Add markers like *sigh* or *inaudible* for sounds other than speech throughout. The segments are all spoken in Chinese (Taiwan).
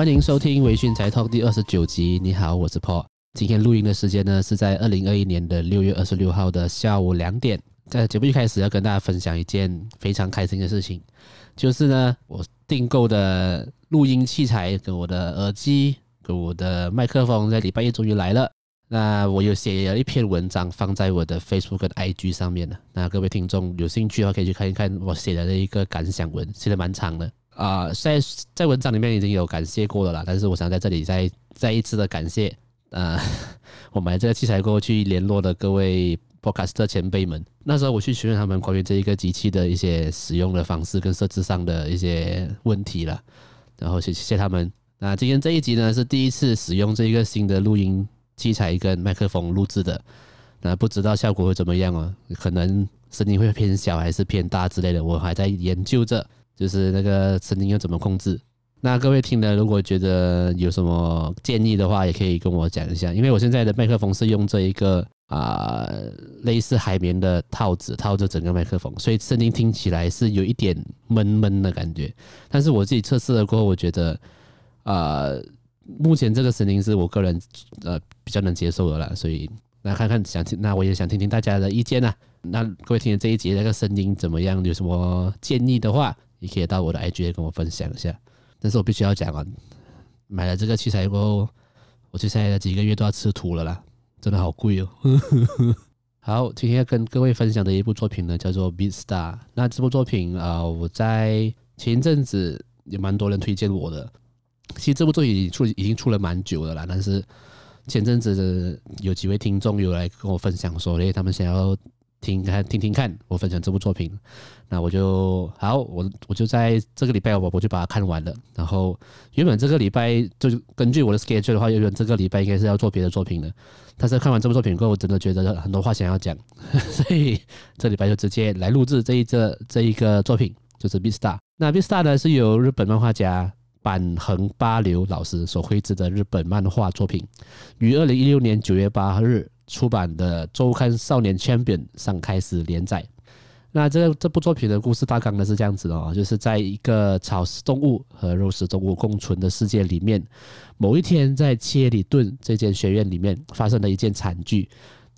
歡迎收聽微醺宅 Talk 第二十九集。你好，我是 Paul。今天錄音的時間呢是在二零二一年的六月二十六號的下午兩點。在節目一開始要跟大家分享一件非常開心的事情，就是呢我訂購的錄音器材跟我的耳機跟我的麥克風在禮拜一終於來了。那我有寫了一篇文章放在我的 Facebook 跟 IG 上面了。那各位聽眾有興趣的話可以去看一看我寫的那一個感想文，寫的蠻長的。啊，在在文章裡面已經有感謝過的啦，但是我想在這裡再再一次的感謝，呃、啊，我買這個器材過後去聯絡的各位 Podcaster 前輩們。那時候我去詢問他們關於這一個機器的一些使用的方式跟設置上的一些問題了，然後謝謝謝他們。那今天這一集呢是第一次使用這一個新的錄音器材跟麥克風錄制的，那不知道效果會怎麼樣啊？可能聲音會偏小還是偏大之類的，我還在研究着。就是那個聲音要怎麼控制？那各位聽了，如果覺得有什麼建議的話，也可以跟我講一下。因為我現在的麥克風是用這一個啊、呃，類似海綿的套子套着整個麥克風，所以聲音聽起來是有一點悶悶的感覺。但是我自己測試了過後，我覺得啊、呃，目前這個聲音是我個人呃比較能接受的啦。所以來看看想聽，那我也想聽聽大家的意見啊。那各位聽了這一集，那個聲音怎麼樣？有什麼建議的話？你可以到我的 IG 跟我分享一下，但是我必須要講啊，買了這個器材過後，我接下來的幾個月都要吃土了啦，真的好貴哦。 *laughs* 好，今天要跟各位分享的一部作品呢，叫做《BEASTARS》。那這部作品啊、呃，我在前陣子也蠻多人推薦我的。其實這部作品已經出已經出了蠻久了啦，但是前陣子有幾位聽眾有來跟我分享說咧，因為他們想要。聽看聽聽看，我分享這部作品，那我就好，我我就在這個禮拜我我就把它看完了。然後原本這個禮拜就根據我的 schedule 的話，原本這個禮拜應該是要做別的作品的。但是看完這部作品以後，我真的覺得很多話想要講，所以這個禮拜就直接來錄制這一這這一個作品，就是《BEASTARS》。那呢《BEASTARS》呢是由日本漫畫家板垣八流老師所繪制的日本漫畫作品，於二零一六年九月八日。出版的周刊《少年 Champion》上開始連載。那這個這部作品的故事大綱呢是這樣子哦，就是在一個草食動物和肉食動物共存的世界裡面，某一天在切裡頓這間學院裡面發生了一件慘劇。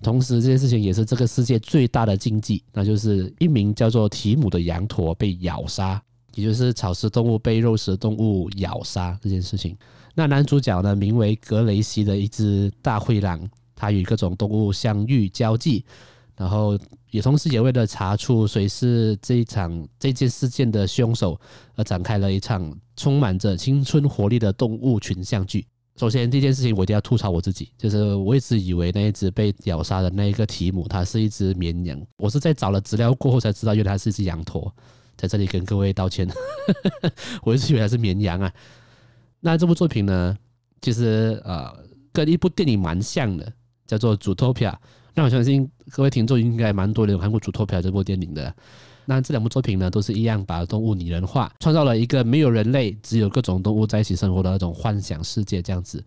同時，這件事情也是這個世界最大的禁忌，那就是一名叫做提姆的羊駝被咬殺，也就是草食動物被肉食動物咬殺這件事情。那男主角呢，名為格雷西的一只大灰狼，它與各種動物相遇交際，然後也同時也為了查出誰是這一場這件事件的凶手，而展開了一場充滿着青春活力的動物群像劇。首先，這件事情我一定要吐槽我自己，就是我一直以為那一只被咬殺的那一個提姆，它是一隻綿羊。我是在找了資料過後才知道，原來它是一隻羊駝。在這裡跟各位道歉， *laughs* 我一直以為它是綿羊啊。那這部作品呢，其實，呃，跟一部電影蠻像的。叫做《Zootopia》，那我相信各位聽眾應該蠻多人有看過《Zootopia》這部電影的。那這兩部作品呢，都是一樣把動物擬人化，創造了一個沒有人類，只有各種動物在一起生活的那種幻想世界。這樣子，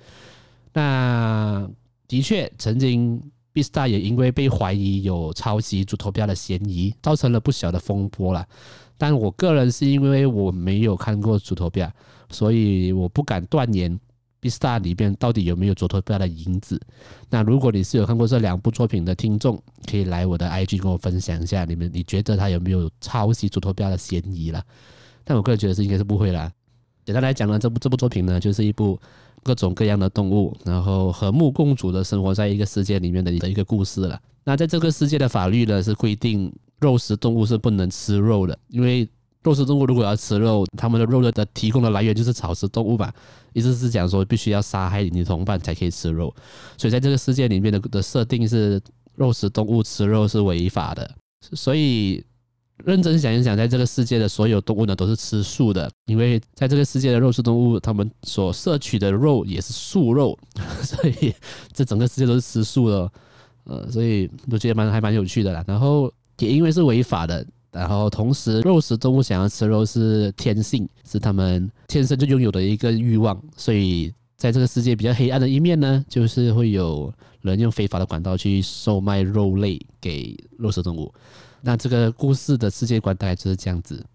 那的確曾經，BEASTARS 也因為被懷疑有抄襲《Zootopia》的嫌疑，造成了不小的風波啦。但我個人是因為我沒有看過《Zootopia》，所以我不敢斷言。《ista》裡面到底有沒有 Zootopia 的影子？那如果你是有看過這兩部作品的聽眾，可以來我的 IG 跟我分享一下，你們你覺得他有沒有抄襲 Zootopia 的嫌疑了？但我個人覺得是應該是不會啦。簡單來講呢，這部這部作品呢，就是一部各種各樣的動物，然後和睦共處的生活在一個世界裡面的一一個故事了。那在這個世界的法律呢，是規定肉食動物是不能吃肉的，因為肉食動物如果要吃肉，他們的肉類的提供的來源就是草食動物吧。意思是講說，必須要殺害你的同伴才可以吃肉，所以在這個世界裡面的的設定是，肉食動物吃肉是違法的。所以認真想一想，在這個世界的所有動物呢都是吃素的，因為在這個世界的肉食動物，它們所攝取的肉也是素肉，所以這整個世界都是吃素的。呃，所以我覺得蠻還蠻有趣的啦。然後也因為是違法的。然後，同時，肉食動物想要吃肉是天性，是他們天生就擁有的一個欲望。所以，在這個世界比較黑暗的一面呢，就是會有人用非法的管道去售賣肉類給肉食動物。那這個故事的世界觀大概就是這樣子。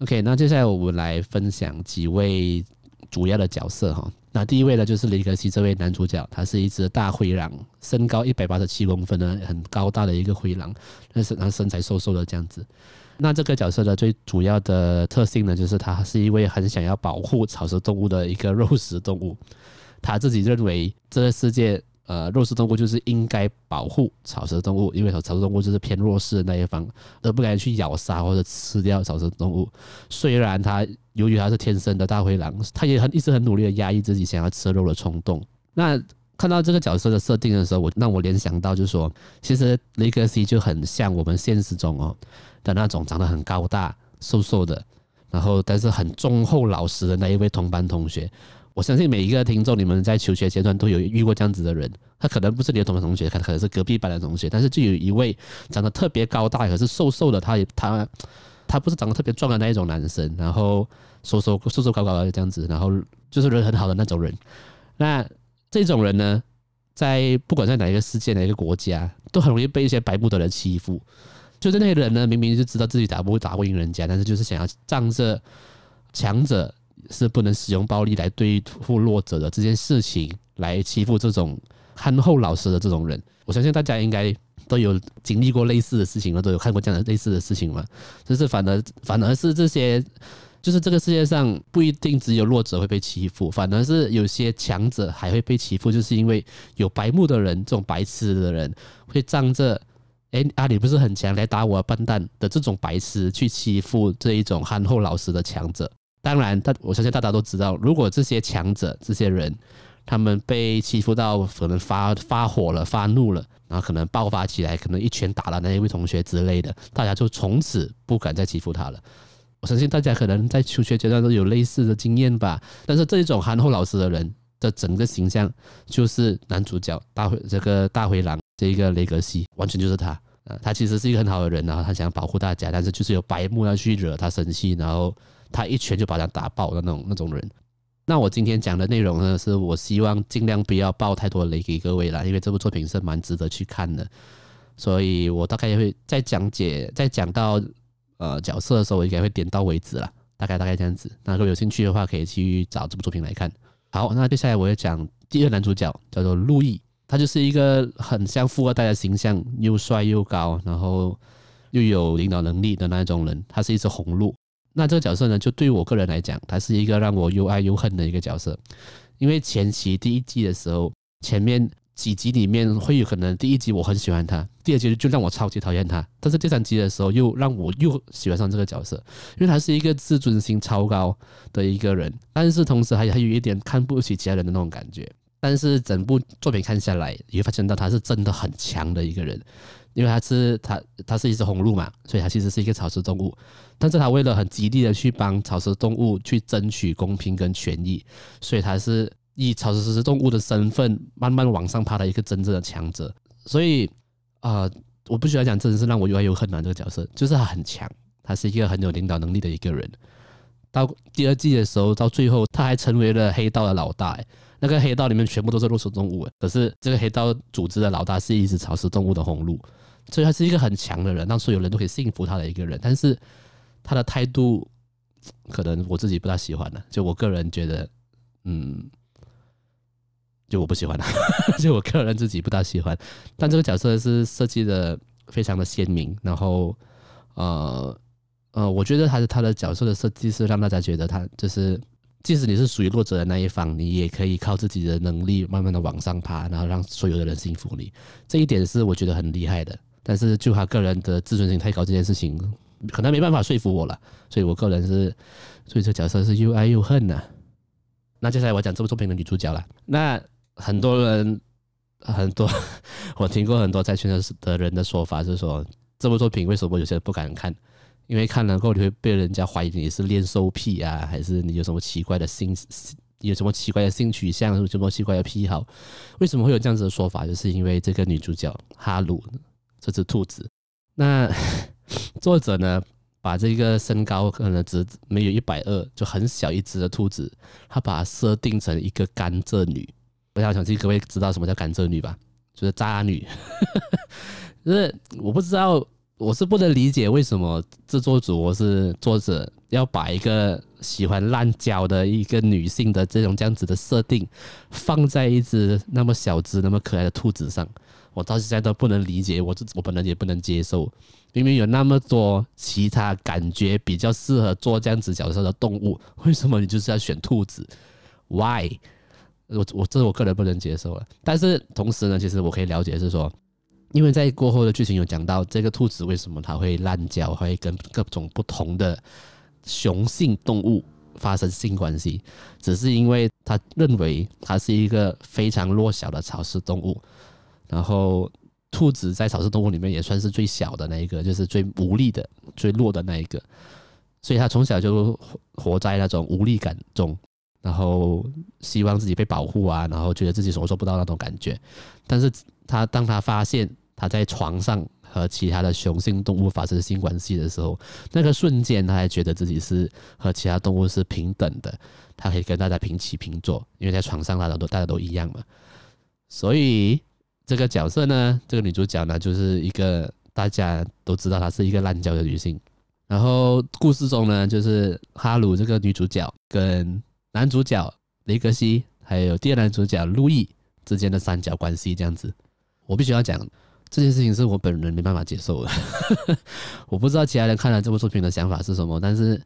OK，那接下來我們來分享幾位。主要的角色哈，那第一位呢，就是雷格西這位男主角，他是一只大灰狼，身高一百八十七公分呢，很高大的一個灰狼，但是他身材瘦瘦的這樣子。那這個角色的最主要的特性呢，就是他是一位很想要保護草食動物的一個肉食動物，他自己認為這個世界。呃，肉食動物就是應該保護草食動物，因為草食動物就是偏弱勢的那一方，而不敢去咬殺或者吃掉草食動物。雖然他由於他是天生的大灰狼，他也很一直很努力的壓抑自己想要吃肉的衝動。那看到這個角色的設定的時候，我讓我聯想到，就是說，其實雷格西就很像我們現實中哦的那種長得很高大、瘦瘦的，然後但是很忠厚老實的那一位同班同學。我相信每一個聽眾，你們在求學階段都有遇過這樣子的人。他可能不是你的同班同學，他可能是隔壁班的同學。但是就有一位長得特別高大，可是瘦瘦的，他也他他不是長得特別壯的那一種男生。然後瘦瘦瘦瘦高，高高的這樣子，然後就是人很好的那種人。那這種人呢，在不管在哪一個世界，哪一個國家，都很容易被一些白目的人欺負。就是那些人呢，明明就知道自己打不打不贏人家，但是就是想要仗着強者，搶着是不能使用暴力來對付弱者的這件事情，來欺負這種憨厚老實的這種人。我相信大家應該都有經歷過類似的事情了，都有看過這樣的類似的事情了。就是反而反而是這些，就是這個世界上不一定只有弱者會被欺負，反而是有些強者還會被欺負，就是因為有白目的人，這種白痴的人會仗着，哎，阿里不是很強，來打我笨蛋的這種白痴去欺負這一種憨厚老實的強者。當然，他我相信大家都知道，如果這些強者、這些人，他們被欺負到可能發發火了、發怒了，然後可能爆發起來，可能一拳打了那一位同學之類的，大家就從此不敢再欺負他了。我相信大家可能在求學階段都有類似的經驗吧。但是這種憨厚老實的人的整個形象，就是男主角大灰這個大灰狼這個雷格西，完全就是他，啊。他其實是一個很好的人，然後他想保護大家，但是就是有白目要去惹他生氣，然後。他一拳就把他打爆的那種那種人。那我今天講的內容呢，是我希望盡量不要爆太多雷給各位啦，因為這部作品是蠻值得去看的。所以我大概也會在講解在講到呃角色的時候，我應該會點到為止啦，大概大概這樣子。那如果有興趣的話，可以去找這部作品來看。好，那接下來我要講第二男主角，叫做路易，他就是一個很像富二代的形象，又帥又高，然後又有領導能力的那種人。他是一隻紅鹿。那這個角色呢，就對於我個人來講，他是一個讓我又愛又恨的一個角色。因為前期第一季的時候，前面幾集裡面會有可能第一集我很喜歡他，第二集就讓我超級討厭他。但是第三集的時候，又讓我又喜歡上這個角色，因為他是一個自尊心超高的一個人，但是同時還還有一點看不起其他人的那種感覺。但是整部作品看下來，你會發現到他是真的很強的一個人，因為他是他他是一只紅鹿嘛，所以他其實是一個草食動物。但是他為了很極力的去幫草食動物去爭取公平跟權益，所以他是以草食動物的身份慢慢往上爬的一個真正的強者。所以啊、呃，我不需要講，真的是讓我又愛又恨啊這個角色，就是他很強，他是一個很有領導能力的一個人。到第二季的時候，到最後他還成為了黑道的老大、欸。那個黑道裡面全部都是肉食動物、欸，可是這個黑道組織的老大是一隻草食動物的紅鹿，所以他是一個很強的人，讓所有人都可以信服他的一個人。但是。他的態度，可能我自己不大喜歡的，就我個人覺得，嗯，就我不喜歡他， *laughs* 就我個人自己不大喜歡。但這個角色是設計的非常的鮮明，然後，呃呃，我覺得他他的角色的設計是讓大家覺得他就是，即使你是屬於弱者的那一方，你也可以靠自己的能力慢慢的往上爬，然後讓所有的人信服你。這一點是我覺得很厲害的。但是就他個人的自尊心太高這件事情。可能沒辦法說服我了，所以我個人是，所以這角色是又愛又恨吶、啊。那接下來我講這部作品的女主角了。那很多人，很多我聽過很多在圈的的人的說法就是說，這部作品為什麼有些人不敢看？因為看了後你會被人家懷疑你是戀獸癖啊，還是你有什麼奇怪的性，有什麼奇怪的性取向，有什麼奇怪的癖好？為什麼會有這樣子的說法？就是因為這個女主角哈魯這隻兔子。那作者呢，把這個身高可能只沒有一百二，就很小一只的兔子，他把它設定成一個甘蔗女。不要想想，各位知道什麼叫甘蔗女吧？就是渣女。 *laughs* 就是我不知道，我是不能理解為什麼製作組，是作者要把一個喜歡濫交的一個女性的這種這樣子的設定，放在一只那麼小只、那麼可愛的兔子上。我到現在都不能理解，我這我本人也不能接受。明明有那麼多其他感覺比較適合做這樣子角色的動物，為什麼你就是要選兔子？Why？我我這是我個人不能接受了。但是同時呢，其實我可以了解是說，因為在過後的劇情有講到這個兔子為什麼它會濫交，它會跟各種不同的雄性動物發生性關係，只是因為它認為它是一個非常弱小的草食動物。然後，兔子在草食動物裡面也算是最小的那一個，就是最無力的、最弱的那一個。所以他從小就活在那種無力感中，然後希望自己被保護啊，然後覺得自己什麼做不到那種感覺。但是，他當他發現他在床上和其他的雄性動物發生性關係的時候，那個瞬間，他還覺得自己是和其他動物是平等的，他可以跟大家平起平坐，因為在床上大家都大家都一樣嘛。所以。這個角色呢，這個女主角呢，就是一個大家都知道她是一個濫交的女性。然後故事中呢，就是哈魯這個女主角跟男主角雷格西，還有第二男主角路易之間的三角關係這樣子。我必須要講這件事情，是我本人沒辦法接受的。 *laughs* 我不知道其他人看了這部作品的想法是什麼，但是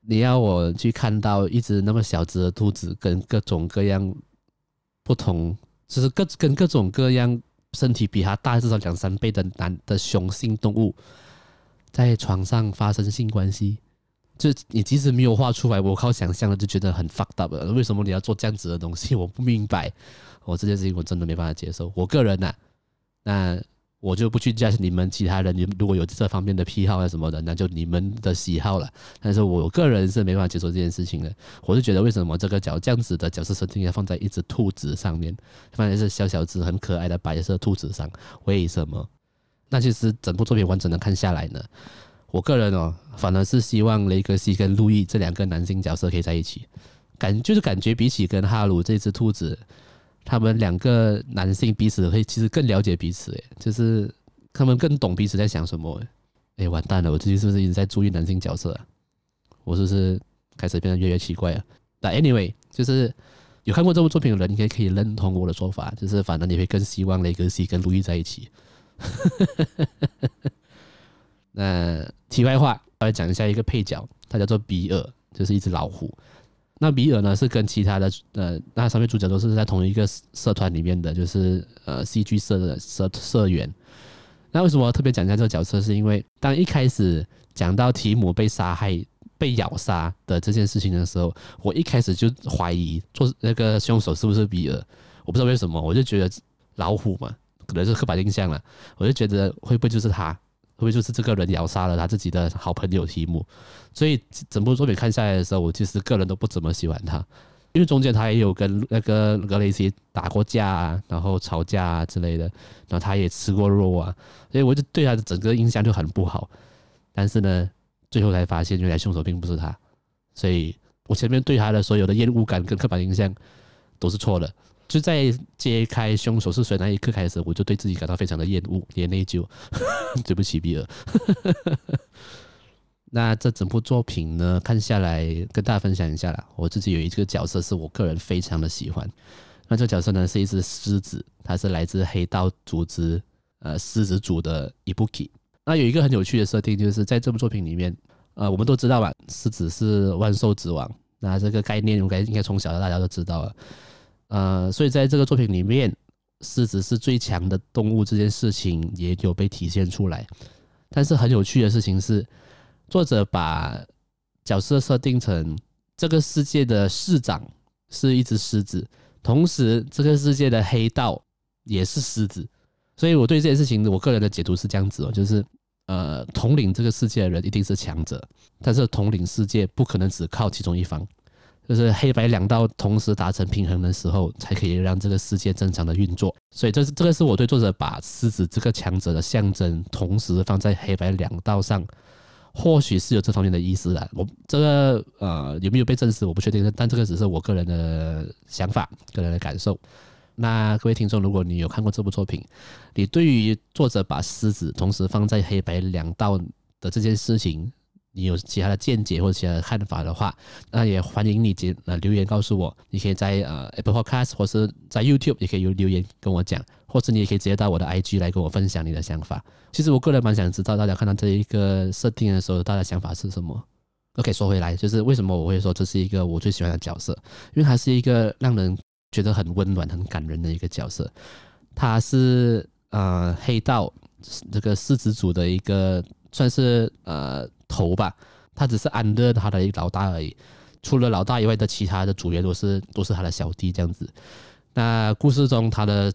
你要我去看到一隻那麼小隻的兔子跟各種各樣不同。就是各跟各種各樣身體比他大至少兩三倍的男的雄性動物在床上發生性關係，就你即使沒有畫出來，我靠想象的就覺得很 fucked up 了。為什麼你要做這樣子的東西？我不明白，我這件事情我真的沒辦法接受。我個人吶、啊，那。我就不去 judge，你們其他人，你們如果有這方面的癖好啊什麼的，那就你們的喜好了。但是我個人是沒辦法接受這件事情的。我是覺得，為什麼這個角這樣子的角色設定要放在一只兔子上面，放在這小小隻、很可愛的白色兔子上？為什麼？那其實整部作品完整的看下來呢，我個人哦，反而是希望雷格西跟路易這兩個男性角色可以在一起，感就是感覺比起跟哈魯這隻兔子。他們兩個男性彼此可以其實更了解彼此，誒，就是他們更懂彼此在想什麼誒。哎，完蛋了，我最近是不是一直在注意男性角色、啊？我是不是開始變得越來越奇怪了、啊？那 anyway，就是有看過這部作品的人你可以可以認同我的說法，就是反正你會更希望雷格西跟路易在一起。 *laughs* 那題外話，我來講一下一個配角，他叫做比爾，就是一只老虎。那比爾呢，是跟其他的呃，那上面主角都是在同一個社團裡面的，就是呃戲劇社的社社員。那為什麼要特別講一下這個角色？是因為當一開始講到提姆被殺害、被咬殺的這件事情的時候，我一開始就懷疑做那個兇手是不是比爾。我不知道為什麼，我就覺得老虎嘛，可能是刻板印象了，我就覺得會不會就是他？會不會就是這個人咬殺了他自己的好朋友提姆？所以整部作品看下來的時候，我其實個人都不怎麼喜歡他，因為中間他也有跟那個格雷西打過架啊，然後吵架啊之類的，然後他也吃過肉啊，所以我就對他的整個印象就很不好。但是呢，最後才發現原來凶手並不是他，所以我前面對他的所有的厭惡感跟刻板印象都是錯的。就在揭開凶手是誰那一刻開始，我就對自己感到非常的厭惡，也內疚。呵呵對不起，比爾。 *laughs* 那這整部作品呢，看下來跟大家分享一下啦。我自己有一個角色是我個人非常的喜歡。那這角色呢是一只獅子，它是來自黑道組織呃獅子組的伊布奇。那有一個很有趣的設定，就是在這部作品裡面，呃，我們都知道吧，獅子是萬獸之王。那這個概念，應該應該從小到大大家都知道了。呃，所以在這個作品裡面，獅子是最強的動物這件事情也有被體現出來。但是很有趣的事情是，作者把角色設定成這個世界的市長是一隻獅子，同時這個世界的黑道也是獅子。所以我對這件事情，我個人的解讀是這樣子哦，就是呃，統領這個世界的人一定是強者，但是統領世界不可能只靠其中一方。就是黑白兩道同時達成平衡的時候，才可以讓這個世界正常的運作。所以這，這是這個是我對作者把獅子這個強者的象徵，同時放在黑白兩道上，或許是有這方面的意思的啊。我這個呃，有沒有被證實，我不確定。但這個只是我個人的想法，個人的感受。那各位聽眾，如果你有看過這部作品，你對於作者把獅子同時放在黑白兩道的這件事情，你有其他的見解或者其他的看法的話，那也歡迎你接呃留言告訴我。你可以在呃 Apple Podcast 或是在 YouTube 也可以留言跟我講，或者你也可以直接到我的 IG 來跟我分享你的想法。其實我個人蠻想知道大家看到這一個設定的時候，大家的想法是什麼？OK，說回來，就是為什麼我會說這是一個我最喜歡的角色，因為它是一個讓人覺得很溫暖、很感人的一個角色。他是呃黑道這個獅子組的一個，算是呃。頭吧，他只是安樂他的老大而已。除了老大以外的其他的組員都是都是他的小弟這樣子。那故事中，他的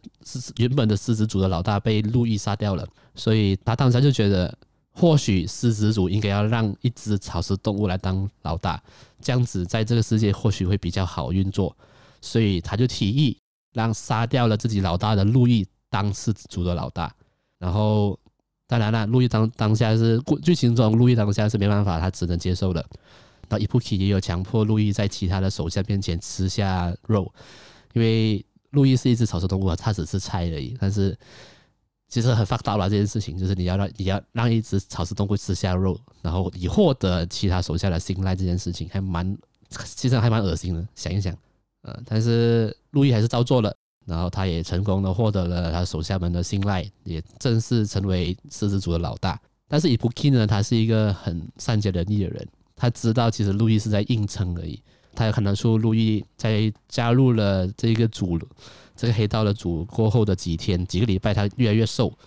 原本的獅子組的老大被路易殺掉了，所以他當時就覺得，或許獅子組應該要讓一隻草食動物來當老大，這樣子在這個世界或許會比較好運作。所以他就提議讓殺掉了自己老大的路易當獅子組的老大，然後。當然啦，路易當當下是劇情中，路易當下是沒辦法，他只能接受的，那伊布奇也有強迫路易在其他的手下面前吃下肉，因為路易是一隻草食動物，他只是吃菜而已。但是其實很 fuck 到了這件事情，就是你要讓你要讓一隻草食動物吃下肉，然後以獲得其他手下的信賴，這件事情還蠻，其實還蠻惡心的，想一想，呃，但是路易還是照做了。然後他也成功的獲得了他手下們的信賴，也正式成為獅子組的老大。但是伊布克呢，他是一個很善解人意的人，他知道其實路易是在硬撐而已。他也看得出路易在加入了這個組，這個黑道的組過後的幾天、幾個禮拜，他越來越瘦，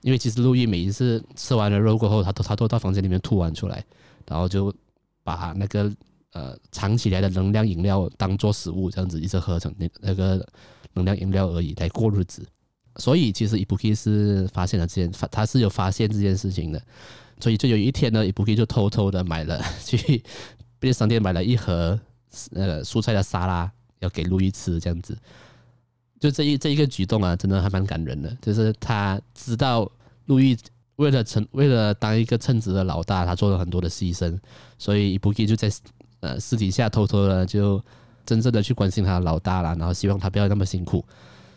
因為其實路易每一次吃完了肉過後，他都他都到房間裡面吐完出來，然後就把他那個。呃，藏起來的能量飲料當做食物，這樣子一直喝成那個能量飲料而已來過日子。所以其實伊布克是發現了這件發，他是有發現這件事情的。所以就有一天呢，伊布克就偷偷的買了，去便利商店買了一盒呃，蔬菜的沙拉，要給路易吃。這樣子，就這一，這一個舉動啊，真的還蠻感人的。就是他知道路易為了成為了當一個稱職的老大，他做了很多的犧牲，所以伊布克就在。呃，私底下偷偷的就真正的去關心他的老大了，然後希望他不要那麼辛苦。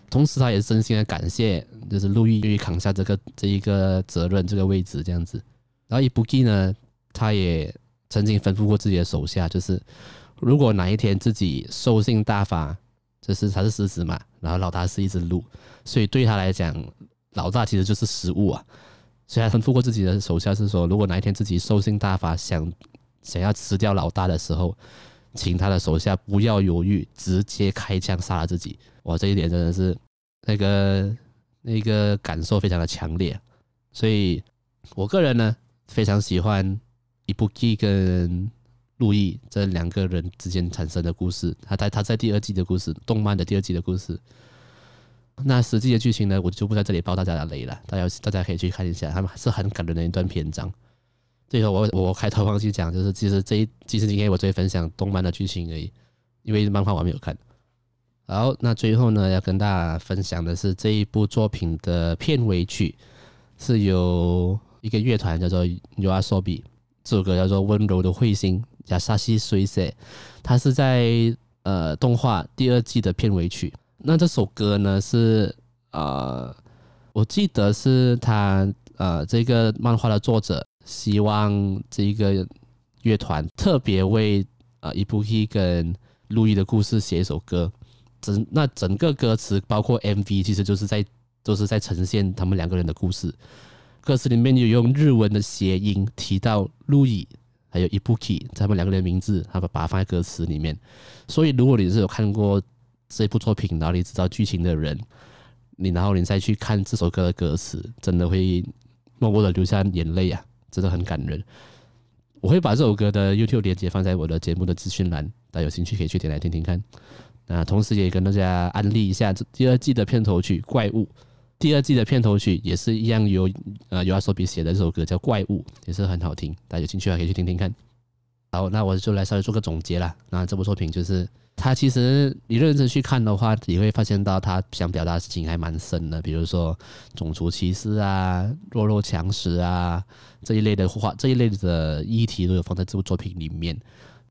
同時，他也真心的感謝，就是路易扛下這個這一個責任，這個位置這樣子。然後，Ibuki 呢，他也曾經吩咐過自己的手下，就是如果哪一天自己獸性大發，就是他是獅子嘛，然後老大是一隻鹿，所以對他來講，老大其實就是食物啊。所以，他吩咐過自己的手下是說，如果哪一天自己獸性大發，想。想要吃掉老大的時候，請他的手下不要猶豫，直接開槍殺了自己。哇，這一點真的是那個那個感受非常的強烈。所以，我個人呢非常喜歡伊布基跟路易這兩個人之間產生的故事。他在他在第二季的故事，動漫的第二季的故事。那實際的劇情呢，我就不在這裡爆大家的雷了。大家大家可以去看一下，他們還是很感人的一段篇章。最後我，我我開頭忘記講，就是其實這一其實今天我只分享動漫的劇情而已，因為漫畫我還沒有看。好，那最後呢，要跟大家分享的是這一部作品的片尾曲，是由一個樂團叫做 YOASOBI，這首歌叫做《溫柔的彗星》亞沙西水寫。它是在呃動畫第二季的片尾曲。那這首歌呢是呃，我記得是他呃這個漫畫的作者。希望這一個樂團特別為啊，Ibuki 跟路易的故事寫一首歌。整那整個歌詞包括 MV，其實就是在就是在呈現他們兩個人的故事。歌詞裡面有用日文的諧音提到路易還有 Ibuki 他們兩個人的名字，他們把它放在歌詞裡面。所以，如果你是有看過這部作品，然後你知道劇情的人，你然後你再去看這首歌的歌詞，真的會默默的流下眼淚啊！真的很感人，我會把這首歌的 YouTube 連接放在我的節目的資訊欄，大家有興趣可以去點來聽聽看。那同時也跟大家安利一下第二季的片頭曲《怪物》，第二季的片頭曲也是一樣由呃 YOASOBI 寫的這首歌叫《怪物》，也是很好聽，大家有興趣的話可以去聽聽看。好，那我就來稍微做個總結啦。那這部作品就是，它其實你認真去看的話，你會發現到它想表達的事情還蠻深的，比如說種族歧視啊、弱肉強食啊這一類的話，這一類的議題都有放在這部作品裡面。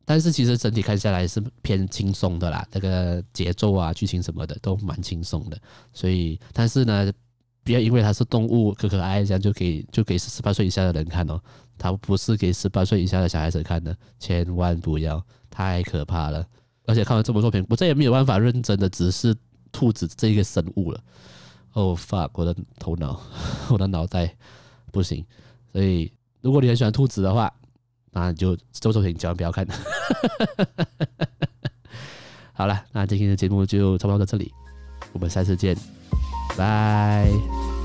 但是其實整體看下來是偏輕鬆的啦，那、這個節奏啊、劇情什麼的都蠻輕鬆的。所以，但是呢。不要因為它是動物，可可愛愛這樣就給就給十八歲以下的人看哦，它不是給十八歲以下的小孩子看的，千萬不要，太可怕了。而且看完這部作品，我再也沒有辦法認真的直視兔子這個生物了，oh。哦，fuck，我的頭腦，我的腦袋不行。所以，如果你很喜歡兔子的話，那你就這部作品千萬不要看。 *laughs* 好了，那今天的節目就差不多到這裡，我們下次見。拜拜。